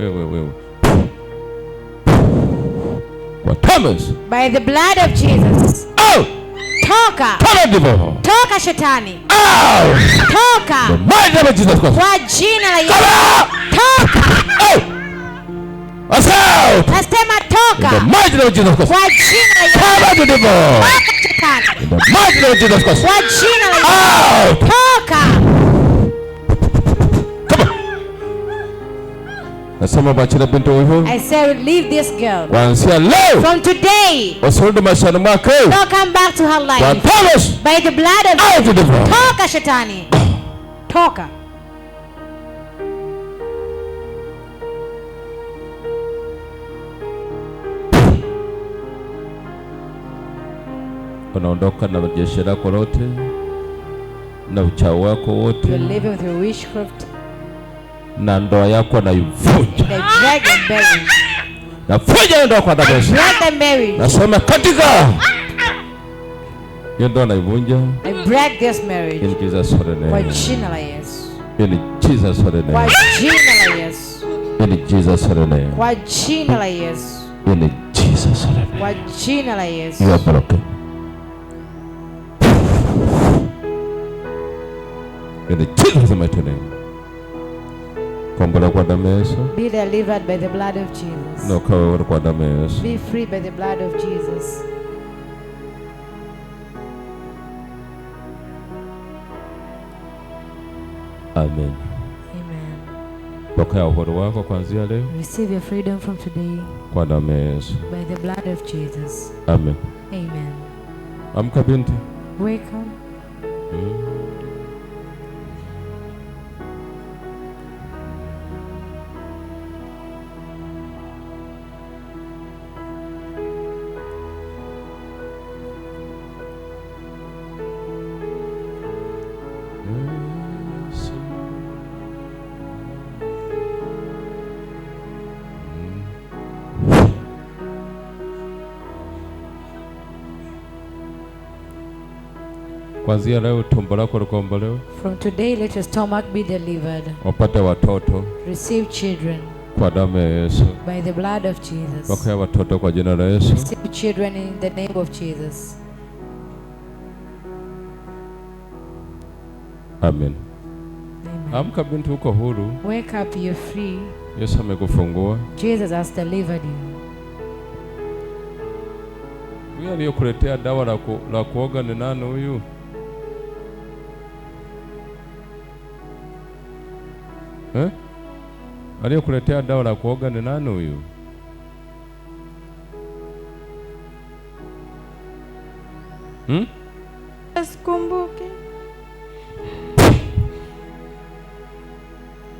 wewe wewe By the blood of Jesus. Oh! Toka. Toka, devil. toka shetani. Oh! Toka. By the blood of Jesus. Christ. Kwa jina la Yesu. Toka. Oh! Out. Nasema toka. By the blood of Jesus Christ. Kwa jina la Yesu. Kwa jina la Yesu. Toka. Nasema bachira binti huyo. I said leave this girl. Kuanzia leo. From today. Usirudi maishani mwake. Don't come back to her life. Kwa By the blood of Jesus. Out of the blood. Toka shetani. Toka. Unaondoka na jeshi lako lote na uchao wako wote. You're living with your witchcraft na ndoa yako anaivunja. Navunja ndoa kwa adhabu ya Yesu. Nasema katika hiyo ndoa naivunja. I break this marriage. In Jesus name. In Jesus name. Kwa jina la Yesu. In Jesus name. In Jesus name. Kwa jina la Yesu. You are broken. In Jesus mighty name kukombola kwa damu ya Yesu. Be delivered by the blood of Jesus. kwa damu ya Yesu. Be free by the blood of Jesus. Amen. Amen. Pokea uhuru wako kuanzia leo. Receive your freedom from today. Kwa damu ya Yesu. By the blood of Jesus. Amen. Amen. Amka binti. Wake up. Mm. Kuanzia leo tumbo lako likombolewe. From today let your stomach be delivered. Wapate watoto. Receive children. Kwa damu ya Yesu. By the blood of Jesus. watoto kwa jina la Yesu. Receive children in the name of Jesus. Amen. Amen. Amka uko huru. Wake up, you're free. Yesu amekufungua. Jesus has delivered you. Huyu aliyokuletea dawa la kuoga ni nani huyu? eh? Aliyekuletea dawa la kuoga ni nani huyu? Hmm? Asikumbuke.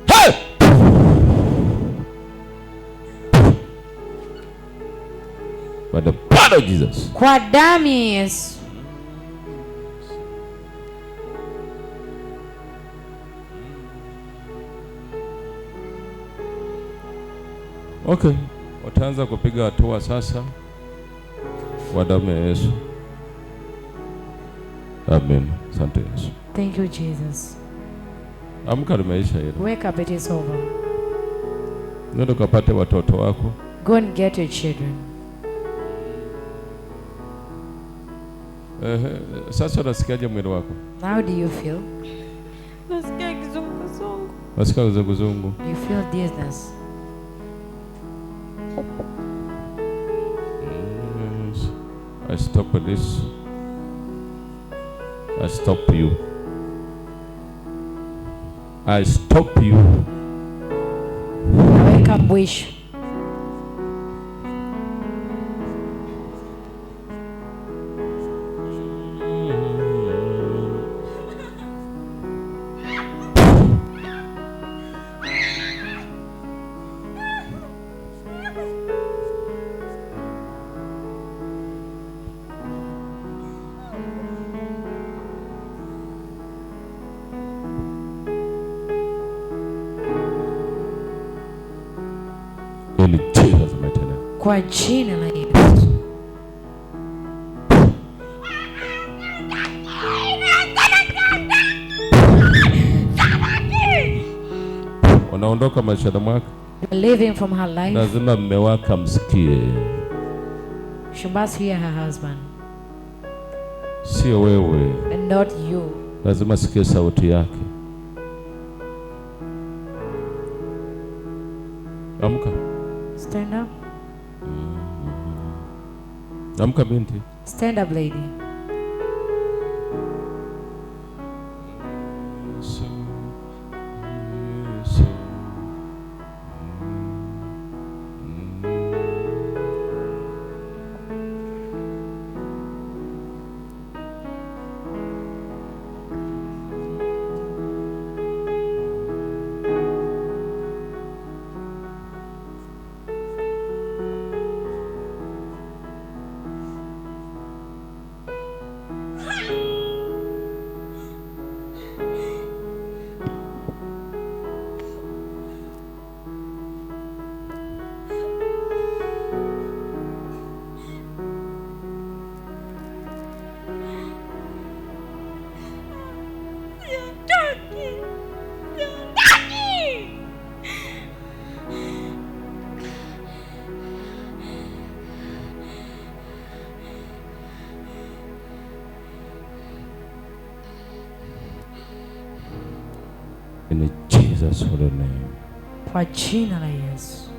Hey! By the blood of Jesus. Kwa damu ya Yesu. Okay. Wataanza kupiga hatua sasa kwa damu ya Yesu. Amen. Asante Yesu. Thank you Jesus. Amka na maisha hilo. Wake up it is over. Nenda ukapate watoto wako. Go and get your children. Eh, sasa unasikiaje mwili wako? How do you feel? Nasikia kizunguzungu. Nasikia kizunguzungu. You feel dizziness. I stop at this. I stop you. I stop you. Wake up, wish. In Jesus mighty Kwa jina la Yesu. Unaondoka maishani mwako. Leaving from her life. Lazima mme wako amsikie. She must hear her husband. Sio wewe. And not you. Lazima sikie sauti yake. Amka. Stand up. Mm-hmm. I'm coming, binti. Stand up lady. In Jesus holy name. Pacina Yesu.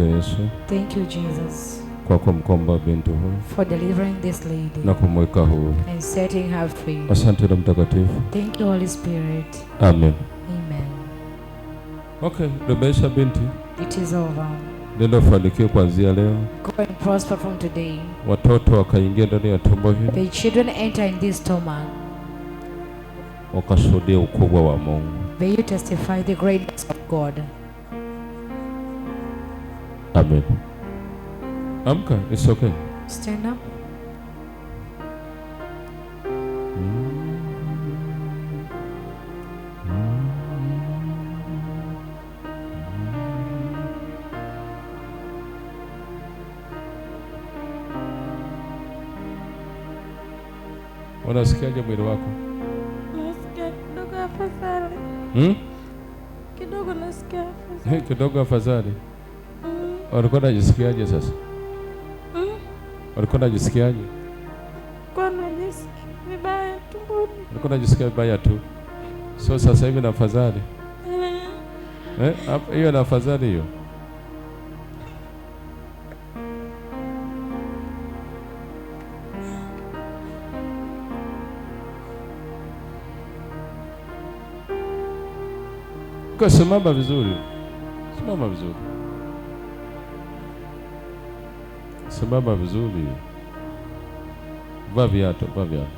é isso. Thank you Jesus. kwa kumkomba bintu huyu for delivering this lady na kumweka huru and setting her free. Asante na Mtakatifu. Thank you Holy Spirit. Amen. Amen. Okay, nimeisha binti. It is over. Nenda ufanikiwe kuanzia leo. Go and prosper from today. Watoto wakaingia ndani ya tumbo hili. The children enter in this stomach. Wakashuhudia ukubwa wa Mungu. May you testify the greatness of God. Amen. Amka, it's okay. Stand up. Unasikiaje mwili wako? Nasikia kidogo afadhali. Hmm? Kidogo nasikia afadhali. Kidogo afadhali. Mm. sasa? Walikuwa najisikiaje? Kwa vibaya tu. Walikuwa najisikia vibaya tu. So sasa hivi na afadhali eh. Eh, hiyo, na afadhali hiyo. Kwa Simama vizuri, simama vizuri. Simama vizuri, vaa viatu, vaa viatu.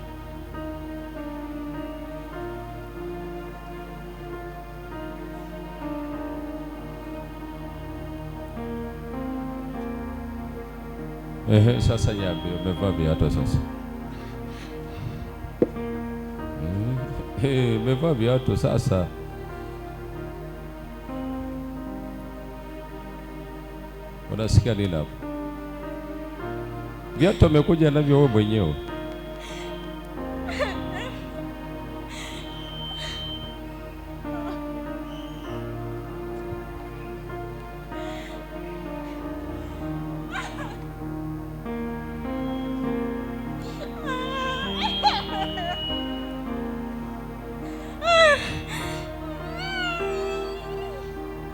Ehe, sasa niambie, umevaa viatu sasa? Hmm, umevaa viatu sasa? Unasikia nini hapo? Viatu amekuja navyo wewe mwenyewe.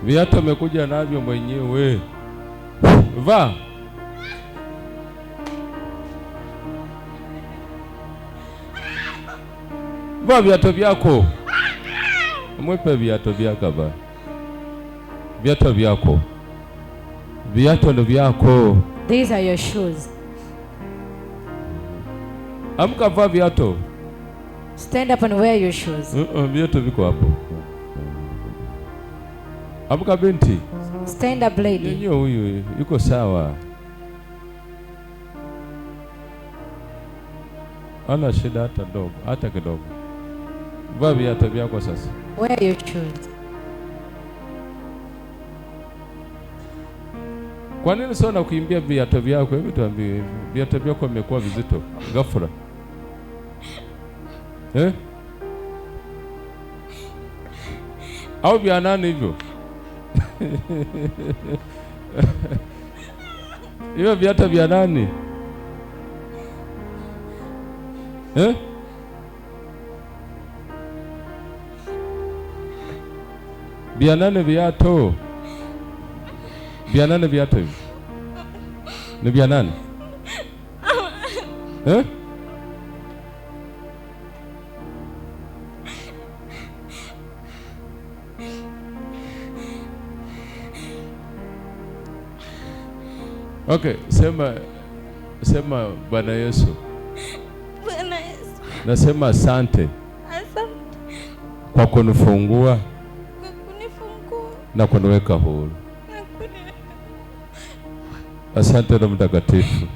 Viatu amekuja navyo mwenyewe. Va. Vua viatu vyako, mwipe viatu vyako ba, viatu vyako, viatu ndo vyako. These are your shoes. Amka, vua viatu. Stand up and wear your shoes. Uh -uh, viatu viko hapo. Amka binti. Stand up lady. Ninyo huyu yuko sawa, ana shida hata ndogo, hata kidogo. Vaa viatu vyako sasa. Wear your shoes. Kwa nini sio na kuimbia viatu vyako? Hebu tuambie, viatu vyako vimekuwa vizito ghafla eh? au vya nani hivyo? hivyo viatu vya nani eh? Vya nane viato. Vya nane viato hivi. Ni vya nani? Eh? Okay, sema sema Bwana Yesu. Bwana Yesu. Nasema asante. Asante. Kwa kunifungua na kuniweka huru. Asante Roho Mtakatifu.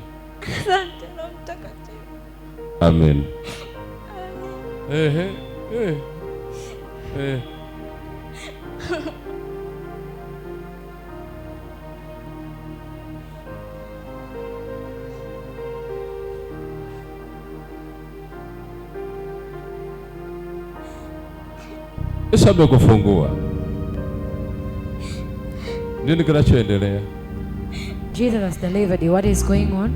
Asante Roho Mtakatifu. Amen. Ehe, eh. Eh. Hesabu ya kufungua nini kinachoendelea? Jesus has delivered you. What is going on?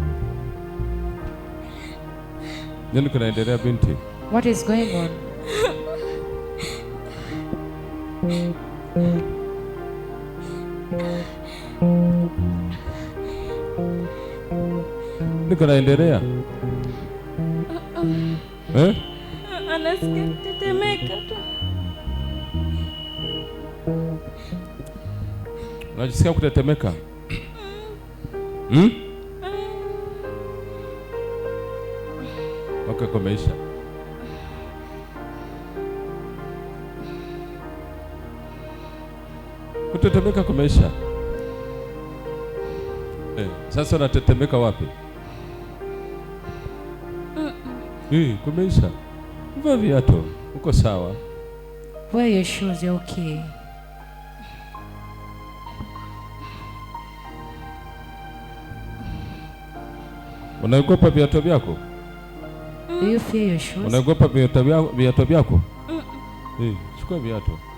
Nini kinaendelea binti? What is going on? Nini kinaendelea? Uh-uh. Eh? Anasikia tetemeka tu. Unajisikia kutetemeka hmm? Okay, kumeisha. Kutetemeka kumeisha. Eh, sasa unatetemeka wapi? Eh, kumeisha. Vaa viatu, uko sawa. Wear your shoes, okay. Unaogopa viatu vyako? Do you fear your shoes? Unaogopa viatu vyako? Eh, Chukua viatu.